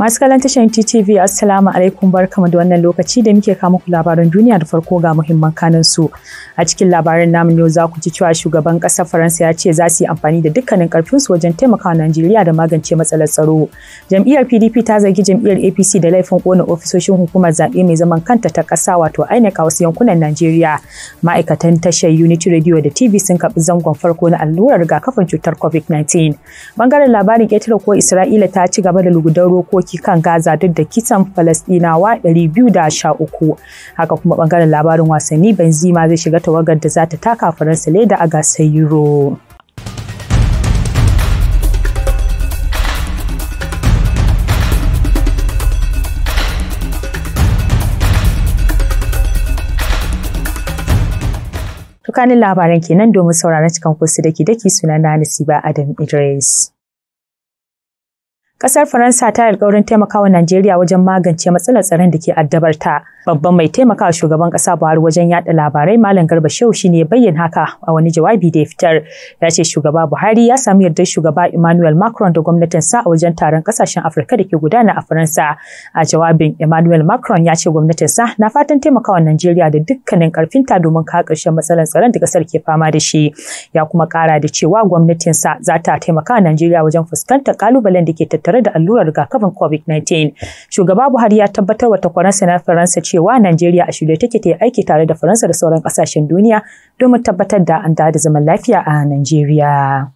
Masu kalan tashar TTV Assalamu alaikum kama da wannan lokaci da muke kawo muku labaran duniya da farko ga muhimman kanin su. A cikin labarin namun yau za ku ji cewa shugaban ƙasar Faransa ya ce za su yi amfani da dukkanin ƙarfinsu wajen taimakawa Najeriya da magance matsalar tsaro. Jam'iyyar PDP ta zargi jam'iyyar APC da laifin kona ofisoshin hukumar zaɓe mai zaman kanta ta ƙasa wato INEC a wasu yankunan Najeriya. Ma'aikatan tashar Unity Radio da TV sun karɓi zangon farko na allurar rigakafin cutar COVID-19. Bangaren labarin ƙetare ko Isra'ila ta ci gaba da lugudan roko ciki kan Gaza duk da kisan Falasɗinawa 213. Haka kuma bangaren labarin wasanni Benzema zai shiga tawagar da za ta taka Faransa leda a gasar Euro. Tukanin labaran kenan domin sauraron cikin kusa da ke daki na Nasiba Adam Idris. Ƙasar Faransa ta yi alƙawarin taimakawa Najeriya wajen magance matsalar tsaron da ke addabarta. Babban mai taimakawa shugaban kasa Buhari wajen yaɗa labarai Malam Garba Shehu shi ne bayyana haka a wani jawabi da ya fitar. Ya ce shugaba Buhari ya samu yardar shugaba Emmanuel Macron da gwamnatin sa a wajen taron kasashen Afirka da ke gudana a Faransa. A jawabin Emmanuel Macron ya ce gwamnatin sa na fatan taimakawa Najeriya da dukkanin karfinta domin ka ƙarshen matsalar tsaron da kasar ke fama da shi. Ya kuma ƙara da cewa gwamnatin sa za ta taimaka Najeriya wajen fuskantar kalubalen da ke tattara tare da allurar rigakafin COVID-19. Shugaba Buhari ya tabbatar wa takwaransa na Faransa cewa Najeriya a shirye take ta yi aiki tare da Faransa da sauran ƙasashen duniya domin tabbatar da an da zaman lafiya a Najeriya.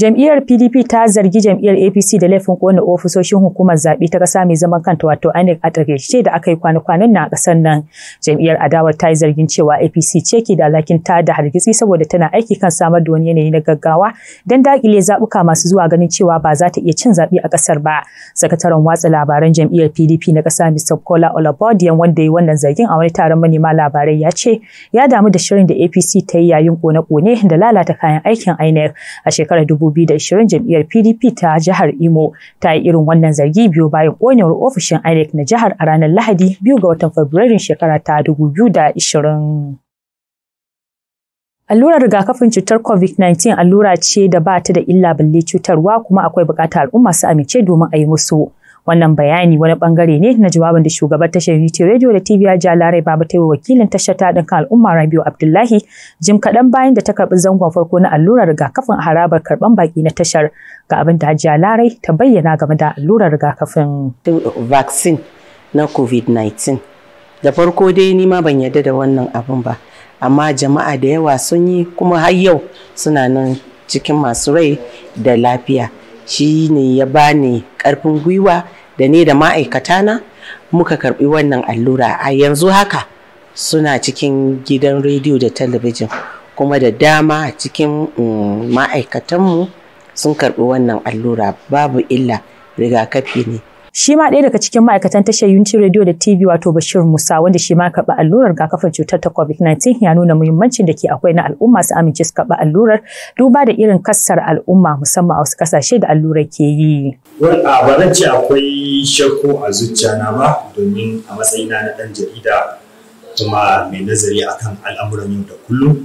Jam'iyyar PDP ta zargi jam'iyyar APC da laifin kona ofisoshin hukumar zaɓe ta kasa mai zaman kanta wato INEC a takaice da aka yi kwana-kwanan na ƙasar nan. Jam'iyyar adawar ta yi zargin cewa APC ce ke da alhakin ta da hargitsi saboda tana aiki kan samar da wani yanayi na gaggawa don daƙile zaɓuka masu zuwa ganin cewa ba za ta iya cin zaɓe a ƙasar ba. Sakataren watsa labaran jam'iyyar PDP na ƙasa Mr. Kola Olabodiyan wanda ya wannan zargin a wani taron manema labarai ya ce ya damu da shirin da APC ta yi yayin kone-kone da lalata kayan aikin INEC a shekarar dubu 2020 jam'iyyar PDP ta jihar Imo ta yi irin wannan zargi biyu bayan konewar ofishin INEC na jihar a ranar Lahadi biyu ga watan Fabrairun shekara ta 2020. Allurar rigakafin cutar COVID-19 allura ce da ba ta da illa balle cutarwa kuma akwai bukatar al'umma su amince domin a yi musu. Wannan bayani wani bangare ne na jawabin da shugaban tashar UT Radio da TV Hajiya Larai Baba ta wakilin tashar ta dinka kan al'umma Rabiu Abdullahi jim kaɗan bayan da ta karɓi zangon farko na allurar rigakafin a harabar karɓan baki na tashar ga abin da Hajiya Larai ta bayyana game da allurar rigakafin. Vaccine na COVID-19. Da farko dai ni ma ban yarda da wannan abin ba, amma jama'a da yawa sun yi kuma har yau suna nan cikin masu rai da lafiya. shi ne ya bani karfin gwiwa da ne da ma'aikata na muka karɓi wannan allura a yanzu haka suna cikin gidan rediyo da talabijin kuma da dama cikin mm, ma'aikatanmu sun karɓi wannan allura babu illa rigakafi ne Shi ma ɗaya daga cikin ma'aikatan tashar yunci Radio da TV wato Bashir Musa wanda shi ma karɓi allurar rigakafin cutar ta COVID-19 ya nuna muhimmancin da ke akwai na al'umma su amince su karɓi allurar duba da irin kassar al'umma musamman a wasu ƙasashe da allurar ke yi. Wani a ce akwai shakku a zuciyana ba domin a matsayina na ɗan jarida kuma mai nazari akan al'amuran yau da kullum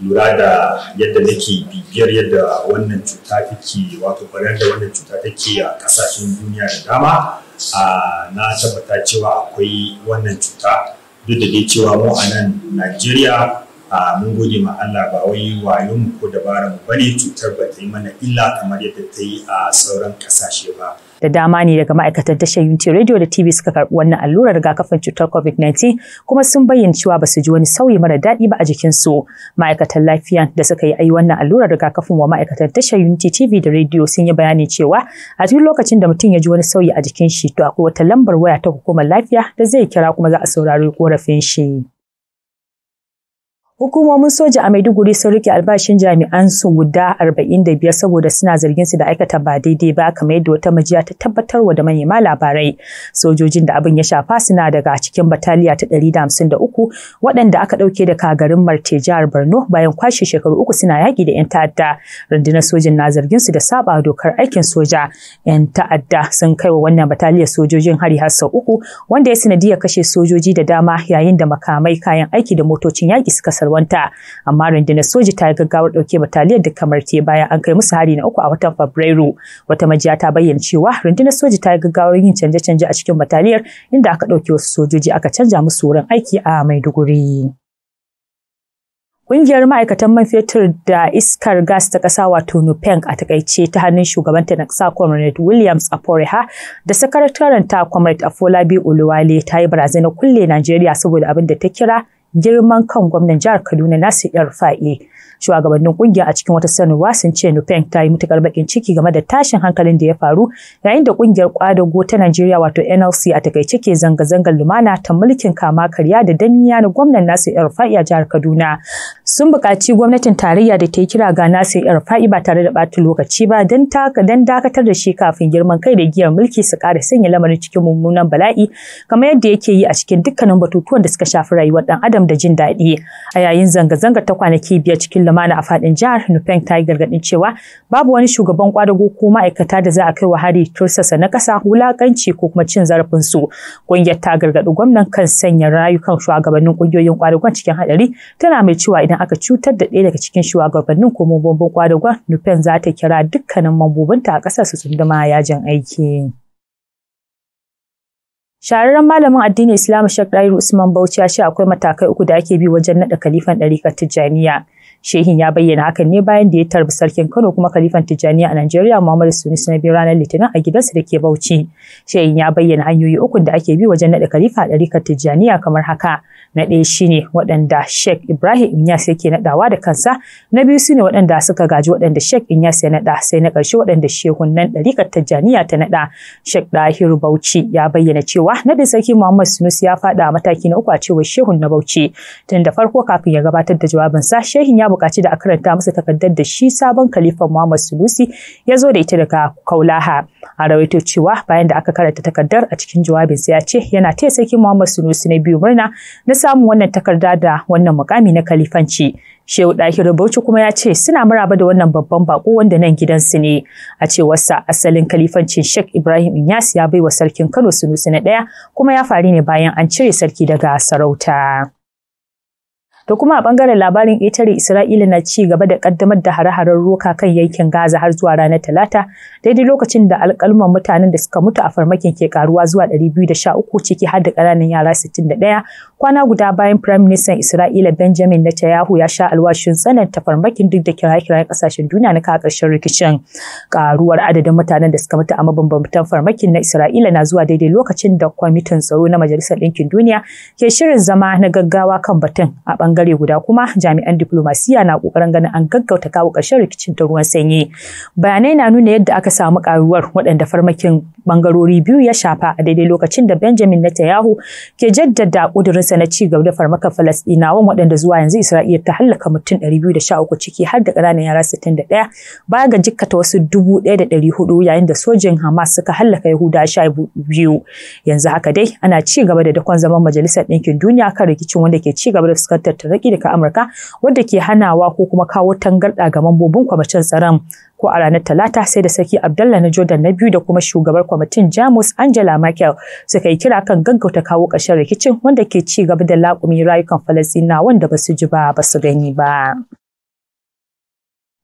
lura da yadda nake bibiyar yadda wannan cuta take wato barar da wannan cuta take a kasashen duniya da dama a na tabbata cewa akwai wannan cuta duk da dai cewa mu a nan najeriya a mun gode ma Allah ba wai wayon mu ko dabaran mu bane cutar ba ta yi mana illa kamar yadda ta yi a sauran kasashe ba da dama ne daga ma'aikatan tashar Unity Radio da TV suka karɓi wannan allurar rigakafin cutar COVID-19 kuma sun bayyana cewa ba su ji wani sauyi mara daɗi ba a jikinsu. Ma'aikatan lafiya da suka yi ayi wannan allurar rigakafin wa ma'aikatan tashar Unity TV da Radio sun yi bayani cewa a cikin lokacin da mutum ya ji wani sauyi a jikin shi to akwai wata lambar waya ta hukumar lafiya da zai kira kuma za a saurari korafin shi. Hukumomin soja a Maiduguri sun rike albashin jami'an su guda 45 saboda suna zargin su da aikata ba daidai ba kamar yadda wata majiya ta tabbatarwa da manema labarai. Sojojin da abin ya shafa suna daga cikin bataliya ta 153 waɗanda aka ɗauke da kagarin Marte jihar Borno bayan kwashe shekaru uku suna yaƙi da 'yan ta'adda. Rundunar sojin na zargin su da saba dokar aikin soja. 'Yan ta'adda sun kai wa wannan bataliyar sojojin hari har sau uku wanda ya sanadiyar kashe sojoji da dama yayin da makamai kayan aiki da motocin yaƙi suka salwanta amma rundunar soji ta yi gaggawar ɗauke bataliyar da kamar te bayan an kai musu hari na uku a watan fabrairu wata majiya ta bayyana cewa rundunar soji ta yi gaggawar yin canje-canje a cikin bataliyar inda aka ɗauki wasu sojoji aka canja musu wurin aiki a maiduguri. Ƙungiyar ma'aikatan man fetur da iskar gas ta ƙasa wato NUPENG a takaice ta hannun shugabanta na ƙasa Comrade Williams Aporeha da sakataren ta Comrade Afolabi Oluwale ta yi barazana kulle Najeriya saboda abin da ta kira girman kan gwamnan jihar Kaduna Nasir Yarfa'i. Shugabannin kungiya a cikin wata sanarwa sun ce Nupeng ta yi matukar bakin ciki game da tashin hankalin da ya faru yayin da kungiyar kwadago ta Najeriya wato NLC a takaice ke zanga-zangar lumana ta mulkin kama karya da danniya na gwamnan Nasir Yarfa'i a jihar Kaduna. sun buƙaci gwamnatin tarayya da ta yi kira ga Nasir faɗi ba tare da ɓata lokaci ba don dakatar da shi kafin girman kai da giyar mulki su ƙara sanya lamarin cikin mummunan bala'i kamar yadda yake yi a cikin dukkanin batutuwan da suka shafi rayuwar ɗan adam da jin daɗi. A yayin zanga zanga ta kwanaki biyar cikin lumana a faɗin jihar Nupeng ta yi gargaɗin cewa babu wani shugaban kwadago ko ma'aikata da za a kai wa hari tursasa na kasa wulaƙanci ko kuma cin zarafin su. Ƙungiyar ta gargaɗi gwamnan kan sanya rayukan shugabannin ƙungiyoyin kwadagon cikin haɗari tana mai cewa idan idan aka cutar da ɗaya daga cikin shugabannin ko bombon kwadagwa nufin za ta kira dukkanin mambobinta a ƙasar su tsunduma yajin aiki. shararren malamin addinin Islam Sheikh Dairu Usman Bauchi ya ce akwai matakai uku da ake bi wajen naɗa kalifan ɗarikar Tijjaniya. Shehin ya bayyana hakan ne bayan da ya tarbi sarkin Kano kuma kalifan Tijjaniya a Najeriya Muhammadu Sunusi na biyu ranar Litinin a gidansa da ke Bauchi. Shehin ya bayyana hanyoyi uku da ake bi wajen naɗa kalifa a ɗarikar Tijjaniya kamar haka. na ɗaya shine waɗanda Sheikh Ibrahim Inyas yake naɗawa da kansa na biyu sune waɗanda suka gaji waɗanda Sheikh Inyas ya naɗa sai na ƙarshe waɗanda shehun nan ɗarikar Tijjaniya ta naɗa Sheikh Dahir Bauchi ya bayyana cewa naɗin sarki Muhammad Sunusi ya faɗa a mataki na uku a cewar shehun na Bauchi tun da farko kafin ya gabatar da jawabin sa shehin ya buƙaci da a karanta masa takardar da shi sabon kalifan Muhammad Sunusi ya zo da ita daga Kaulaha a rawaito cewa bayan da aka karanta takardar a cikin jawabin sa ya ce yana taya sarki Muhammad Sunusi na biyu murna na samu wannan takarda da wannan mukami na kalifanci. Shehu Dahiru Bauchi kuma ya ce suna maraba da wannan babban bako wanda nan gidansu ne. A cewarsa asalin kalifancin Sheikh Ibrahim Inyas ya bai wa sarkin Kano Sunusi na ɗaya kuma ya faru ne bayan an cire sarki daga sarauta. da kuma a ɓangaren labarin ƙetare Isra'ila na ci gaba da kaddamar da hare-haren roka kan yankin Gaza har zuwa ranar Talata, daidai lokacin da alƙaluman mutanen da suka mutu a farmakin ke karuwa zuwa 213 ciki har da ƙananan yara 61 kwana guda bayan Firayim Ministan Isra'ila Benjamin Netanyahu ya sha alwashin tsananta farmakin duk da kiraye-kirayen ƙasashen duniya na kawo ƙarshen rikicin. ƙaruwar adadin mutanen da suka mutu a mabambamtan farmakin na Isra'ila na zuwa daidai lokacin da kwamitin tsaro na Majalisar Ɗinkin Duniya ke shirin zama na gaggawa kan batun a bangaren bangare guda kuma jami'an diplomasiya na kokarin ganin an gaggauta kawo ƙarshen rikicin ta ruwan sanyi. Bayanai na nuna yadda aka samu karuwar waɗanda farmakin bangarori biyu ya shafa a daidai lokacin da Benjamin Netanyahu ke jaddada ƙudurinsa na ci gaba da farmaka Falasɗinawan waɗanda zuwa yanzu Isra'ila ta hallaka mutum 213 ciki har da ƙananan yara 61 baya ga jikkata wasu 1,400 yayin da sojin Hamas suka hallaka Yahuda 12. Yanzu haka dai ana ci gaba da dakon zaman Majalisar Ɗinkin Duniya kan rikicin wanda ke ci gaba da fuskantar taraki daga Amurka wanda ke hanawa ko kuma kawo tangarɗa ga mambobin kwamitin tsaron ko a ranar talata sai da sarki abdallah na jordan na biyu da kuma shugabar kwamitin jamus angela merkel suka yi kira kan gaggauta kawo ƙarshen rikicin wanda ke ci gaba da laƙumi rayukan falastina wanda ba su ji ba ba su gani ba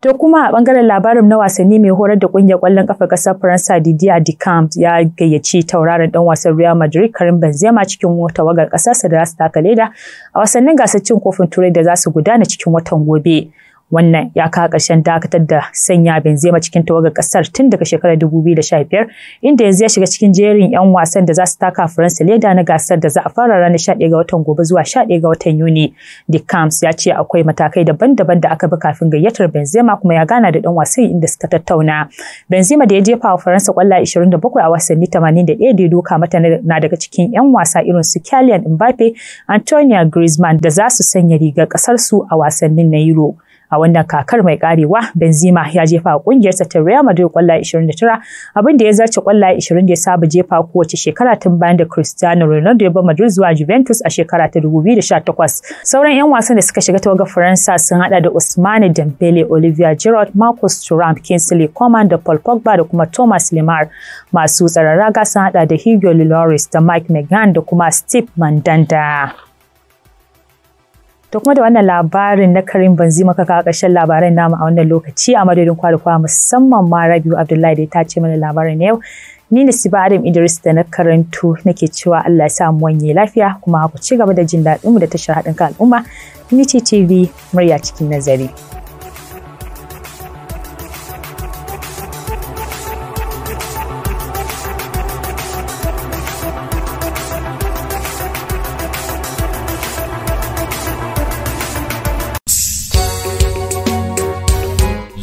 To kuma a bangaren labarin na wasanni mai horar da kungiyar kwallon kafa kasar Faransa Didier Deschamps ya gayyaci tauraron dan wasan Real Madrid Karim Benzema cikin wata tawagar kasarsa da za su taka leda a wasannin gasar cin kofin Turai da za su gudana cikin watan gobe. wannan ya kawo ƙarshen dakatar da sanya Benzema cikin tawagar ƙasar tun daga shekarar 2015 inda yanzu ya shiga cikin jerin 'yan wasan da za su taka Faransa leda na gasar da za a fara ranar 11 ga watan gobe zuwa 11 ga watan Yuni. De Camps ya ce akwai matakai daban-daban da aka bi kafin gayyatar Benzema kuma ya gana da ɗan wasan inda suka tattauna. Benzema da ya jefa wa Faransa ƙwallaye 27 a wasanni 81 da ya doka mata na daga cikin 'yan wasa irin su Kylian Mbappe, Antonio Griezmann da za su sanya rigar su a wasannin na europe a wannan kakar mai karewa Benzema ya jefa kungiyarsa ta Real Madrid kwallaye 29 abin da ya zarce kwallaye 20 da ya saba jefa kowace shekara tun bayan da Cristiano Ronaldo ya bar Madrid zuwa Juventus a shekara ta 2018 sauran yan wasan da suka shiga tawagar Faransa sun hada da Ousmane Dembele Olivier Giroud Marcus Thuram Kingsley Coman da Paul Pogba da kuma Thomas Lemar masu tsararraga sun hada da Hugo Lloris da Mike Maignan da kuma Steve Mandanda. To kuma da wannan labarin na Karim Banzi maka kawo ƙarshen labaran namu a wannan lokaci a madadin kwalikwa musamman ma Rabiu Abdullahi da ta ce mana labarin na yau. Ni ne Siba Adam Idris da na karantu nake cewa Allah ya sa mu wanye lafiya kuma ku ci gaba da jin daɗinmu da tashar haɗin kan al'umma. Ni ce TV murya cikin nazari.